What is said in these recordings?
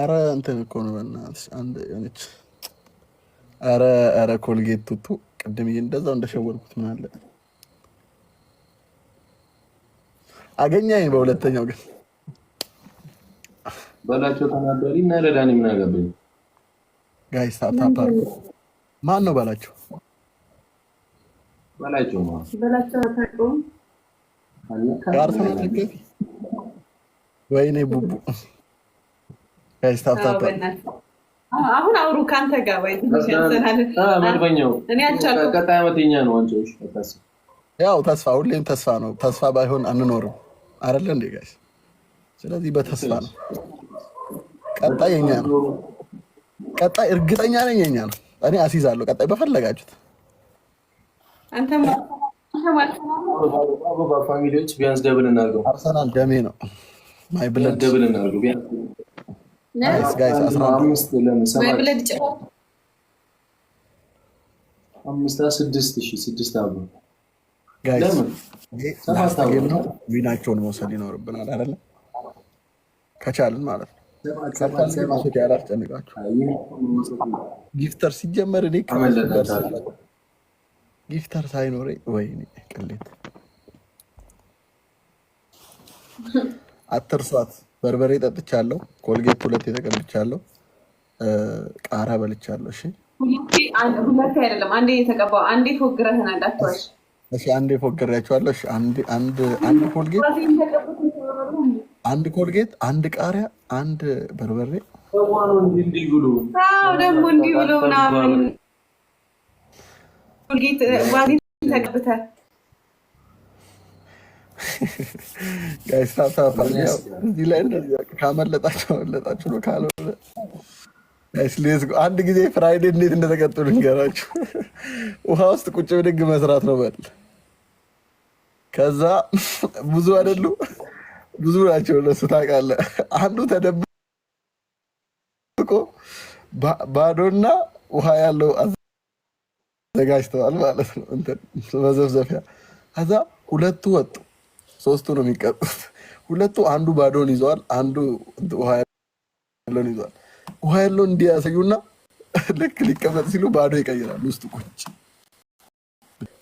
አረ እንትን እኮ ነው በእናትሽ፣ አንድ የሆነች አረ አረ ኮልጌት ቱቱ ቅድም እንደዛው እንደሸወርኩት ምን አለ አገኛኝ። በሁለተኛው ግን በላቸው ተናበሪ እና ለዳኒ ምን አገባኝ። ጋይስ ታፓር ማን ነው በላቸው? በላቸው ነው በላቸው ታቆም ጋር ተናገሪ ወይኔ ቡቡ አሁን አውሩ ከአንተ ጋር ወይ ነው ዋንጫዎች። ያው ተስፋ ሁሌም ተስፋ ነው። ተስፋ ባይሆን አንኖርም አይደለ እንዴ ጋሽ? ስለዚህ በተስፋ ነው። ቀጣይ የኛ ነው። ቀጣይ እርግጠኛ ነኝ የኛ ነው። እኔ አስይዛለሁ። ቀጣይ በፈለጋችሁት አንተ ፋሚሊዎች ቢያንስ ደብል እናድርገው። አርሰናል ደሜ ነው። ማይብለድ ደብል እናድርገው ጋይስ አስራ አምስት ለምን ስድስት አብሮ ጋይስ መውሰድ ይኖርብናል አይደለ? ከቻልን ማለት ነው። ጊፍተር ሲጀመር እኔ ጊፍተር ወይ ቅሌት አትርሷት። በርበሬ ጠጥቻለሁ፣ ኮልጌት ሁለት ተቀብቻለሁ፣ ቃራ በልቻለሁ። እሺ ሁለቴ አይደለም አንዴ የተቀባ አንዴ ፎግረህን እሺ አንድ አንድ አንድ ኮልጌት አንድ ኮልጌት አንድ ቃሪያ አንድ በርበሬ ደግሞ እንዲህ ብሎ ምናምን ኮልጌት ተቀብተህ ካመለጣችሁ አመለጣችሁ ነው። አንድ ጊዜ ፍራይዴ እንዴት እንደተቀጡ ልንገራችሁ። ውሃ ውስጥ ቁጭ ብድግ መስራት ነው በል። ከዛ ብዙ አይደሉ ብዙ ናቸው እነሱ ታውቃለህ። አንዱ ተደብቆ ባዶና ውሃ ያለው አዘጋጅተዋል ማለት ነው፣ መዘፍዘፊያ። ከዛ ሁለቱ ወጡ ሶስቱ ነው የሚቀጡት። ሁለቱ አንዱ ባዶን ይዘዋል፣ አንዱ ውሃ ያለውን ይዘዋል። ውሃ ያለውን እንዲያሳዩና ልክ ሊቀመጥ ሲሉ ባዶ ይቀይራል። ውስጥ ቁጭ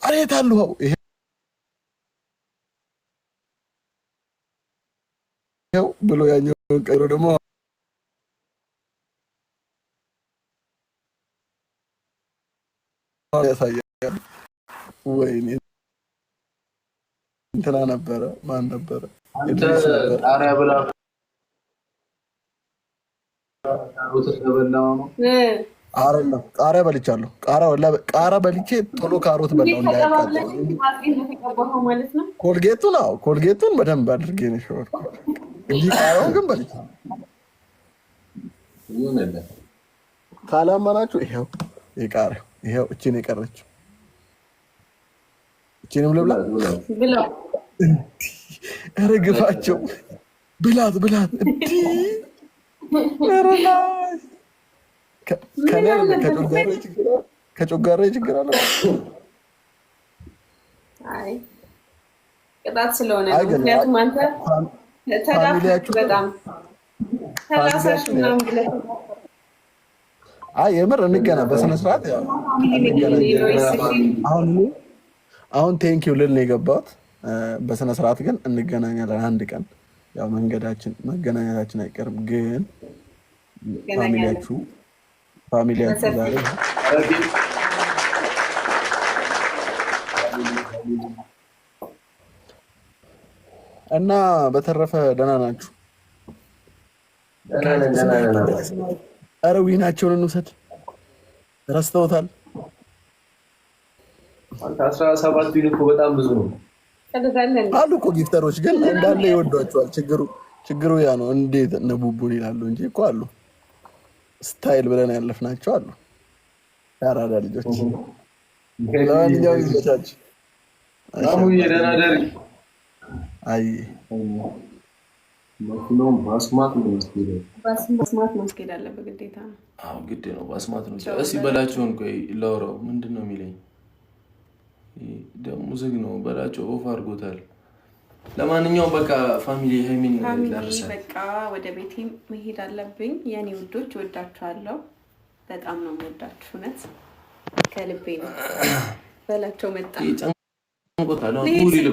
አሬት አሉ ውሃው ይሄው ብሎ ያኛውን ቀይሮ ደግሞ ያሳያል። ወይኔ እንትና ነበረ ማን ነበረ ጣሪያ ብላ አይደለም ቃሪያ በልቻለሁ። ቃሪያ በልቼ ቶሎ ካሮት በላሁ እንዳያቃጥል ኮልጌቱን። አዎ ኮልጌቱን በደንብ አድርጌ ነው ሸወር እንጂ ቃሪያውን ግን በልቻለሁ። ካላመናችሁ ይኸው የቃሪያው ይኸው እችን የቀረችው ቼንም ልብላ ኧረ ግፋቸው ብላት ብላት ከጮጋሬ ችግር አለ ቅጣት ስለሆነ ምክንያቱም አንተ ተዳፍክ አይ የምር እንገና በስነስርዓት አሁን አሁን ቴንኪው ልል ነው የገባሁት። በስነ ስርዓት ግን እንገናኛለን አንድ ቀን ያው መንገዳችን መገናኘታችን አይቀርም። ግን ፋሚሊያችሁ ፋሚሊያችሁ ዛሬ እና በተረፈ ደህና ናችሁ? ኧረ ዊናቸውን እንውሰድ ረስተውታል። አስራ ሰባቱ ይልኩ በጣም ብዙ ነው አሉ እኮ ጊፍተሮች ግን እንዳለ ይወዷቸዋል። ችግሩ ችግሩ ያ ነው። እንዴት እነ ይላሉ እንጂ እኮ አሉ ስታይል ብለን ያለፍናቸው አሉ ያራዳ ልጆች። ለማንኛው ልጆቻች አይ ባስማት ነው ማስኬድ ግዴታ ነው። ግድ ነው። ባስማት ነው። እስኪ በላቸውን ቆይ ለውረው ምንድን ነው የሚለኝ ደግሞ ዝግ ነው በላቸው። ኦፍ አድርጎታል። ለማንኛውም በቃ ፋሚሊ ሀይሚን በቃ ወደ ቤቴ መሄድ አለብኝ። የኔ ውዶች ወዳችኋለሁ። በጣም ነው ወዳችሁ። እውነት ከልቤ ነው በላቸው። መጣ በላቸው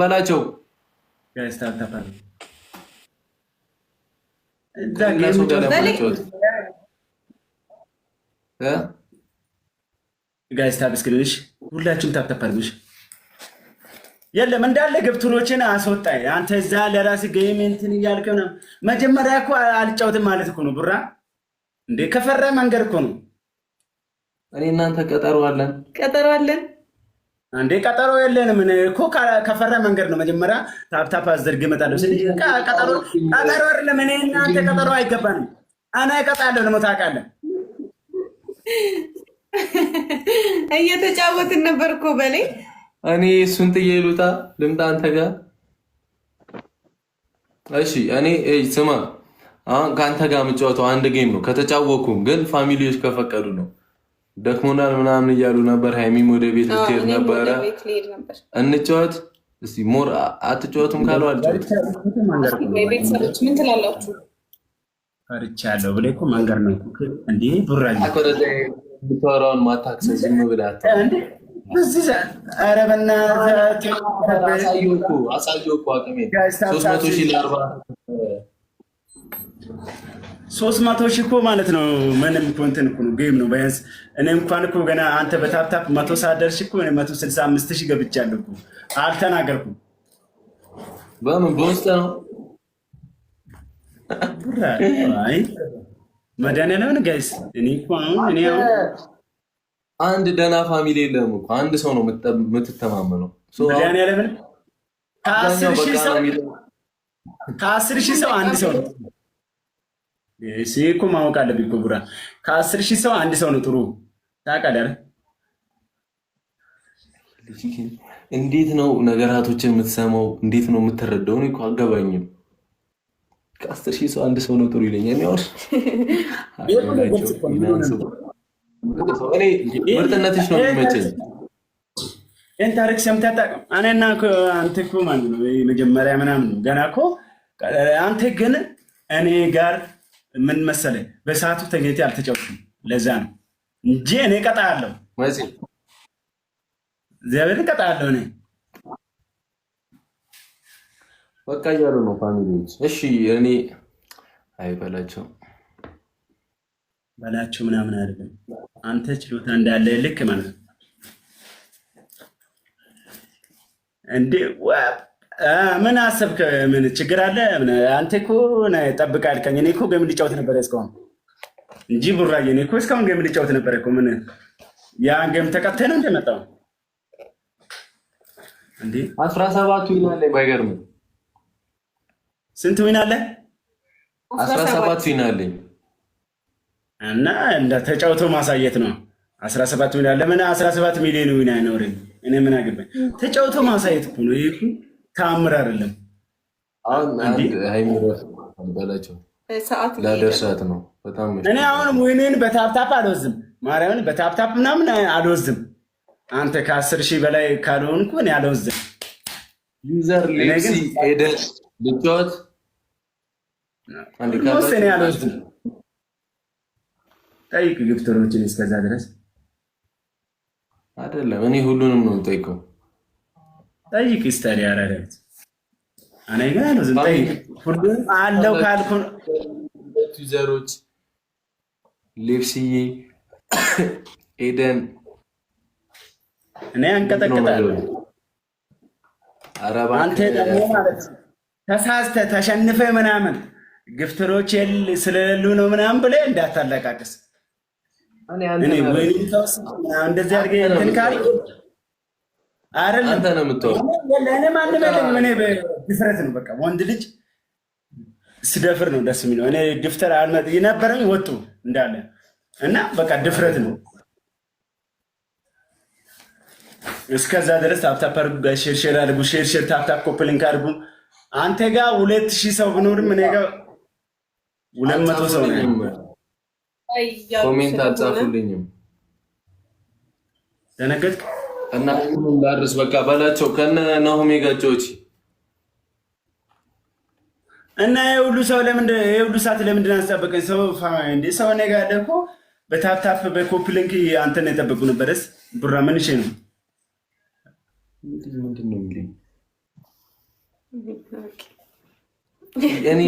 በላቸው ጋይስ ታብስክልሽ ሁላችሁም ታብታፓርግሽ የለም እንዳለ ገብቱኖችን አስወጣኝ። አንተ እዛ ለራስ ገይም እንትን እያልከው ነው። መጀመሪያ እኮ አልጫወትም ማለት እኮ ነው። ቡራ እንዴ ከፈራ መንገድ እኮ ነው። እኔ እናንተ ቀጠሮ አለን፣ ቀጠሮ አለን። አንዴ ቀጠሮ የለንም እኮ ከፈራ መንገድ ነው። መጀመሪያ ታፕታፕ አዘርግ እመጣለሁ። ቀጠሮ አይደለም። እኔ እናንተ ቀጠሮ አይገባንም። አና ቀጣለሁ ደግሞ ታውቃለህ እየተጫወትን ነበር እኮ በላይ። እኔ እሱን ጥዬ ልውጣ ልምጣ አንተ ጋር። እሺ እኔ ስማ፣ አሁን ከአንተ ጋር የምጫወተው አንድ ጌም ነው። ከተጫወኩም ግን ፋሚሊዎች ከፈቀዱ ነው። ደክሞናል ምናምን እያሉ ነበር። ሀይሚም ወደ ቤት ልትሄድ ነበረ። እንጫወት እስኪ። ሞር አትጫወቱም ካለው አልጫወትም። ቤተሰቦች ምን ትላላችሁ? ፈርቻለሁ ብለህ እኮ መንገድ ነው እንዲህ ብራኛ የምታወራውን ማታክሰ ዝም ብላት። ኧረ በእናትህ ሶስት መቶ ሺህ እኮ ማለት ነው። ምንም እኮ እንትን እኮ ነው ጌም ነው። ቢያንስ እኔ እንኳን እኮ ገና አንተ በታፕታፕ መቶ ሳደርሽ እኮ መቶ ስልሳ አምስት ሺህ ገብቻለሁ እኮ አልተናገርኩም። በምን በውስጥ ነው መድኃኒዓለምን ጋይስ እኔ እኮ አሁን እኔ አንድ ደህና ፋሚሊ የለም እኮ አንድ ሰው ነው የምትተማመነው። መድኃኒዓለምን ከአስር ሺህ ሰው አንድ ሰው ነው። ይህ እኮ ማወቅ አለብኝ እኮ ቡራ፣ ከአስር ሺህ ሰው አንድ ሰው ነው። ጥሩ ታውቃለህ። እንዴት ነው ነገራቶችን የምትሰማው? እንዴት ነው የምትረዳው? እኔ እኮ አገባኝም ከአስር ሺህ ሰው አንድ ሰው ነው ጥሩ ይለኛል። ምርጥነትሽ ነው የሚመቸኝ። ይህን ታሪክ ሰምተህ አታውቅም? እኔና አንተ እኮ ማለት ነው መጀመሪያ ምናምን ነው ገና እኮ አንተ ግን እኔ ጋር ምን መሰለህ፣ በሰዓቱ ተገኝቼ አልተጫወትኩም። ለዛ ነው እንጂ እኔ እቀጣለሁ፣ እግዚአብሔርን እቀጣለሁ እኔ በቃ እያሉ ነው ፋሚሊዎች። እሺ እኔ አይ በላቸው በላቸው ምናምን አይደለም፣ አንተ ችሎታ እንዳለ ልክ ማለት ነው እንዴ? ምን አሰብክ? ምን ችግር አለ? አንተ እኮ ጠብቀህ አልከኝ። እኔ እኮ ገም ልጫወት ነበር እስካሁን እንጂ ቡራዬ፣ እኔ እኮ እስካሁን ገም ልጫወት ነበር እኮ። ምን ያ ገም ተቀብተህ እንደመጣው እንዴ? አስራ ሰባቱ ይላል። ባይገርምም ስንት ዊን አለ? አስራ ሰባት ዊን አለኝ እና እንደ ተጫውቶ ማሳየት ነው። አስራ ሰባት ዊን አለ። ምን አስራ ሰባት ሚሊዮን ዊን አይኖርም። እኔ ምን አገባኝ? ተጫውቶ ማሳየት እኮ ነው። ይህ ተአምር አይደለም። ላደርሳት ነው በጣም እኔ አሁንም ዊንን በታፕታፕ አልወዝም፣ ማርያምን በታፕታፕ ምናምን አልወዝም። አንተ ከአስር ሺህ በላይ ካልሆንኩ እኔ አልወዝም። ዩዘር ሌሲ ሄደህ ልጫወት ወሰን ያለ ጠይቅ ግብተሮችን እስከዛ ድረስ አይደለም። እኔ ሁሉንም ነው ጠይቀው። ጠይቅ ያረረት እኔ ጋ ነው ሁሉንም አለው ዘሮች ኤደን እኔ አንቀጠቅጣለሁ። አንተ ደግሞ ማለት ተሳስተ ተሸንፈ ምናምን ግፍትሮች ስለሌሉ ነው ምናምን ብለህ እንዳታለቃቅስ። እንደዚህ አድርገህ እንትን ካልክ አይደለም ለእኔ ማንም እኔ ድፍረት ነው በቃ ወንድ ልጅ ስደፍር ነው ደስ የሚለው። እኔ ድፍተር አልመ የነበረኝ ወጡ እንዳለ እና በቃ ድፍረት ነው። እስከዛ ድረስ ታፕታፕ አድርጉ፣ ሼርሼር አድርጉ፣ ሼርሼር ታፕታፕ ኮፕሊንክ አድርጉ። አንተ ጋር ሁለት ሺህ ሰው ብኖርም እኔ ጋር ሁለት መቶ ሰው ኮሜንት አልጻፉልኝም። ደነገጥክ እና ላድርስ በቃ በላቸው ከነ ናሆሜ ጋጫዎች እና የሁሉ ሰው ለምንድን የሁሉ ሰዓት ለምንድን አስጠበቀኝ? ሰው እንደ ሰው እኔ ያለ እኮ በታፕታፕ በኮፒ አንተን የጠበቁ ነበረስ። ቡራ መንሼ ነው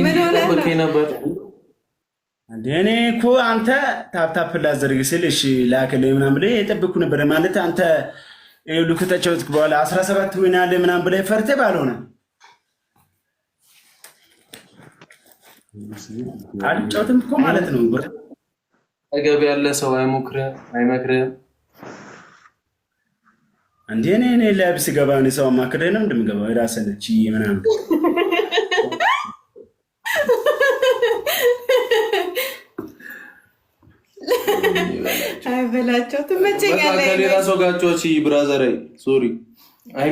ምን ሆነ ነበር እኔ እኮ አንተ ታፕታፕ ላዘርግ ስል እሺ ላክልኝ ምናምን ብለህ የጠበቅኩ ነበረ። ማለት አንተ ይኸውልህ ከተጫወትክ በኋላ አስራ ሰባት ወይን አለ ምናምን ብለህ ፈርተህ ባልሆነ አልጫወትም እኮ ማለት ነው። አጠገብ ያለ ሰው አይሞክርህም፣ አይመክርህም። እንደ እኔ እኔ ሰው አማክሬ ነው እንደምገባው የራስህን ችዬ ምናምን አይበላቸው ትመቸኛለህ። ከሌላ ሰው ጋቸዎች ብራዘር ሶሪ ይሄ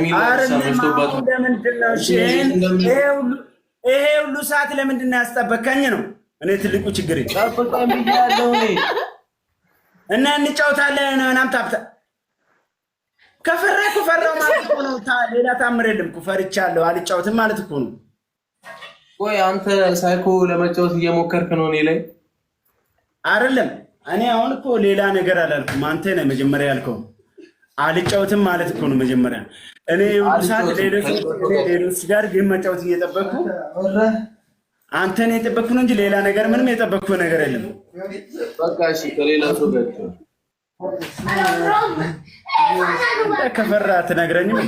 ሁሉ ሰዓት ለምንድን ነው ያስጠበቀኝ? ነው እኔ ትልቁ ችግር እና እንጫወታለን ምናምን ታብታ ከፈራ ኩፈራው ማለት ነው። ሌላ ታምር የለም። ኩፈርቻለሁ አልጫወትም ማለት እኮ ነው። ቆይ አንተ ሳይኮ ለመጫወት እየሞከርክ ነው እኔ ላይ አይደለም እኔ አሁን እኮ ሌላ ነገር አላልኩም። አንተ ነህ መጀመሪያ ያልከው አልጫወትም ማለት እኮ ነው መጀመሪያ። እኔ ሁሉሳት ሌሎች ጋር ግን መጫወት እየጠበቅኩ አንተን የጠበቅኩ ነው እንጂ ሌላ ነገር ምንም የጠበቅኩ ነገር የለም። ከፈራ ትነግረኝም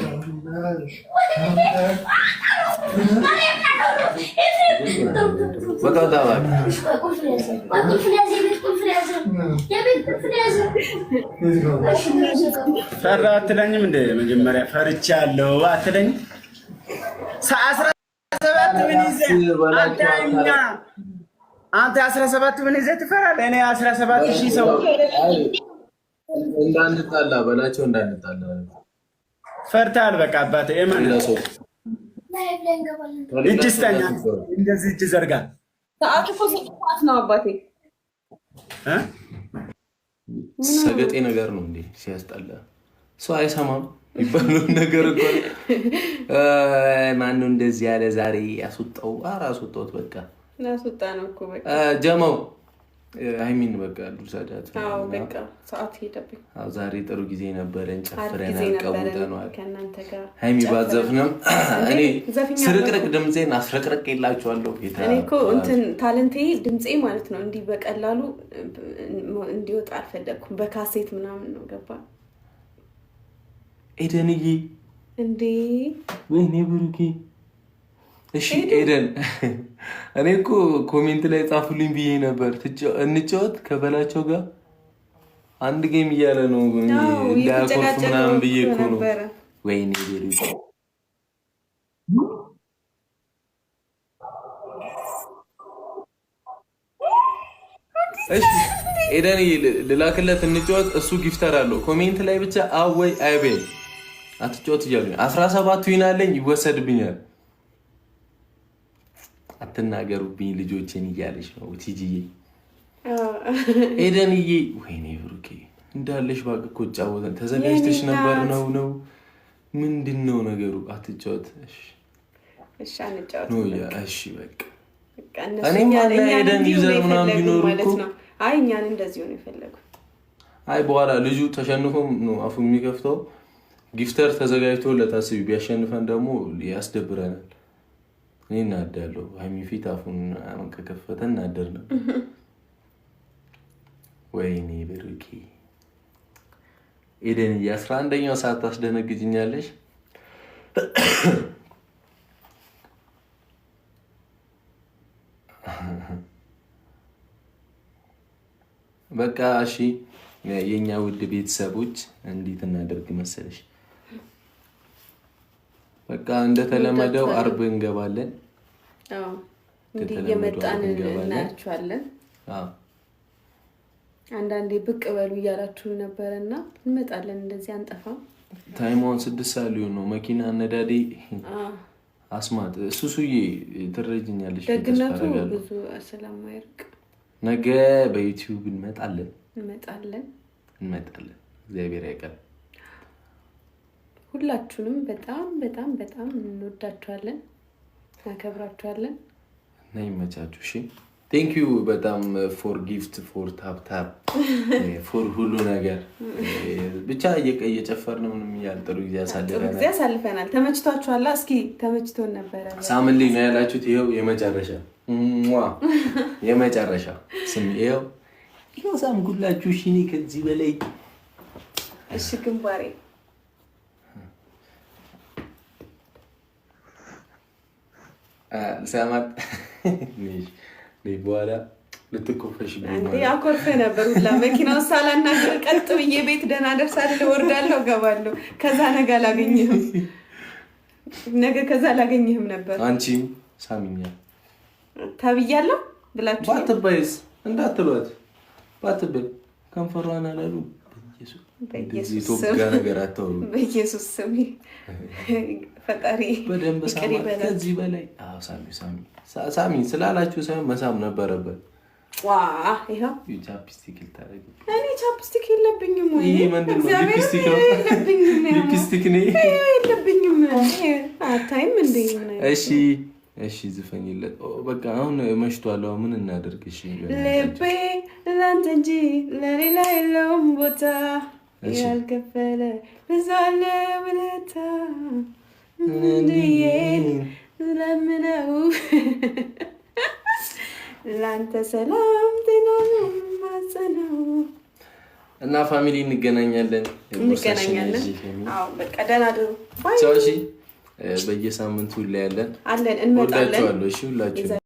ፈራ አትለኝም እንደ መጀመሪያ ፈርቻ አለው አትለኝ አስራ ሰባት ምን ይዘህ አንተ አስራ ሰባት ምን ይዘህ ትፈራለህ? እኔ አስራ ሰባት ሺህ ሰው እንዳንጣላ በላቸው እንዳንጣላ ፈርታል። በቃ አባቴ እመን። እጅ ስተኛ እንደዚህ እጅ ዘርጋ። ነው አባቴ። ሰገጤ ነገር ነው እንዴ ሲያስጠላ። ሰው አይሰማም ይባለው ነገር እኮ ማነው እንደዚህ ያለ ዛሬ ያስወጣው? ኧረ አስወጣሁት በቃ ያስወጣ ነው እኮ በቃ አይሚን በቃ ሉሳዳት ሰዓት ሄደብኝ። ዛሬ ጥሩ ጊዜ ነበረን፣ ጨፍረን ቀውጠነዋል። ሀይሚ ባዘፍንም እኔ ስርቅርቅ ድምፄን አስረቅረቅ የላቸዋለሁ። ታለንቴ ድምፄ ማለት ነው እንዲህ በቀላሉ እንዲወጣ አልፈለግኩም። በካሴት ምናምን ነው ገባ ኤደንዬ፣ እንዴ ወይኔ ብሩኬ። እሺ ኤደን እኔ እኮ ኮሜንት ላይ ጻፉልኝ ብዬ ነበር። እንጫወት ከበላቸው ጋር አንድ ጌም እያለ ነው እንዳያኮርፍ ምናምን ብዬ እኮ ነው። ወይኔ ኤደን ልላክለት እንጫወት። እሱ ጊፍተር አለው። ኮሜንት ላይ ብቻ አወይ አይቤል አትጫወት እያሉኝ አስራ ሰባቱ ይናለኝ ይወሰድብኛል አትናገሩብኝ ልጆችን እያለች ነው ቲጂዬ። ኤደንዬ ወይኔ ብሩኬ እንዳለሽ እባክህ እኮ ተዘጋጅተሽ ነበር። ነው ነው ምንድን ነው ነገሩ? አትጫወት እሺ በቃ አይ በኋላ ልጁ ተሸንፎም ነው አፉ የሚከፍተው። ጊፍተር ተዘጋጅቶ ለታስቢ ቢያሸንፈን ደግሞ ያስደብረናል። እኔ እናዳለሁ። ሀይሚ ፊት አፉን ከከፈተ እናደር ነው። ወይኔ ብርኪ ኤደን የአስራ አንደኛው ሰዓት ታስደነግጅኛለሽ። በቃ እሺ፣ የእኛ ውድ ቤተሰቦች እንዴት እናደርግ መሰለሽ በቃ እንደተለመደው አርብ እንገባለን። እንግዲህ እየመጣን እናያቸዋለን። አንዳንዴ ብቅ በሉ እያላችሁ ነበረ እና እንመጣለን። እንደዚህ አንጠፋም። ታይማውን ስድስት ሰዓት ሊሆን ነው። መኪና አነዳዴ አስማት እሱ ሱዬ ትረጅኛለች። ደግነቱ ብዙ ስለማይርቅ ነገ በዩቲዩብ እንመጣለን እንመጣለን እንመጣለን። እግዚአብሔር አይቀር። ሁላችሁንም በጣም በጣም በጣም እንወዳችኋለን፣ እናከብራችኋለን እና ይመቻችሁ። እሺ ቴንክ ዩ በጣም ፎር ጊፍት ፎር ታፕታፕ ፎር ሁሉ ነገር eh, ብቻ እየጨፈርን ምንም እያልጥሩ ጊዜ ያሳልፈናል ጊዜ ያሳልፈናል። ተመችቷችኋላ? እስኪ ተመችቶን ነበረ። ሳምንት ነው ያላችሁት። ይኸው የመጨረሻ የመጨረሻ ስም ይኸው ይኸው ሳምንት ሁላችሁ። እሺ ከዚህ በላይ እሺ ግንባሬ ሰማት ነይ በኋላ ልትኮፈሽ አኮርፈ ነበር ሁላ መኪናው ሳላናግር ቀጥ ብዬ ቤት ደህና ደርሳለሁ፣ ወርዳለሁ፣ ገባለሁ። ከዛ ነገ አላገኝህም፣ ነገ ከዛ አላገኝህም ነበር። አንቺም ሳሚኛ ተብያለሁ ብላችሁ ባትባይስ እንዳትሏት ባትብል ከንፈሯን አላሉ ኢትዮጵያ ነገር አታወሩ። በኢየሱስ ስም ፈጣሪ በደንብ ከዚህ በላይ ሳሚ ሳሚ ሳሚ ስላላችሁ ሳይሆን መሳም ነበረበት። ቻፕስቲክ እኔ ቻፕስቲክ የለብኝም፣ ሊፕስቲክ የለብኝም። አታይም እሺ እሺ ዝፈኝለት። በቃ አሁን መሽቷል። ምን እናደርግ? እሺ ልቤ እንጂ ለሌላ የለውም ቦታ ያልከፈለ በዛለ ውለታ ምንዬ ለምነው ለአንተ ሰላም ጤናን ማጸነው እና ፋሚሊ እንገናኛለን እንገናኛለን። በቃ ደህና በየሳምንቱ ሁላ ያለን አለን እንመጣለን። ሁላችሁ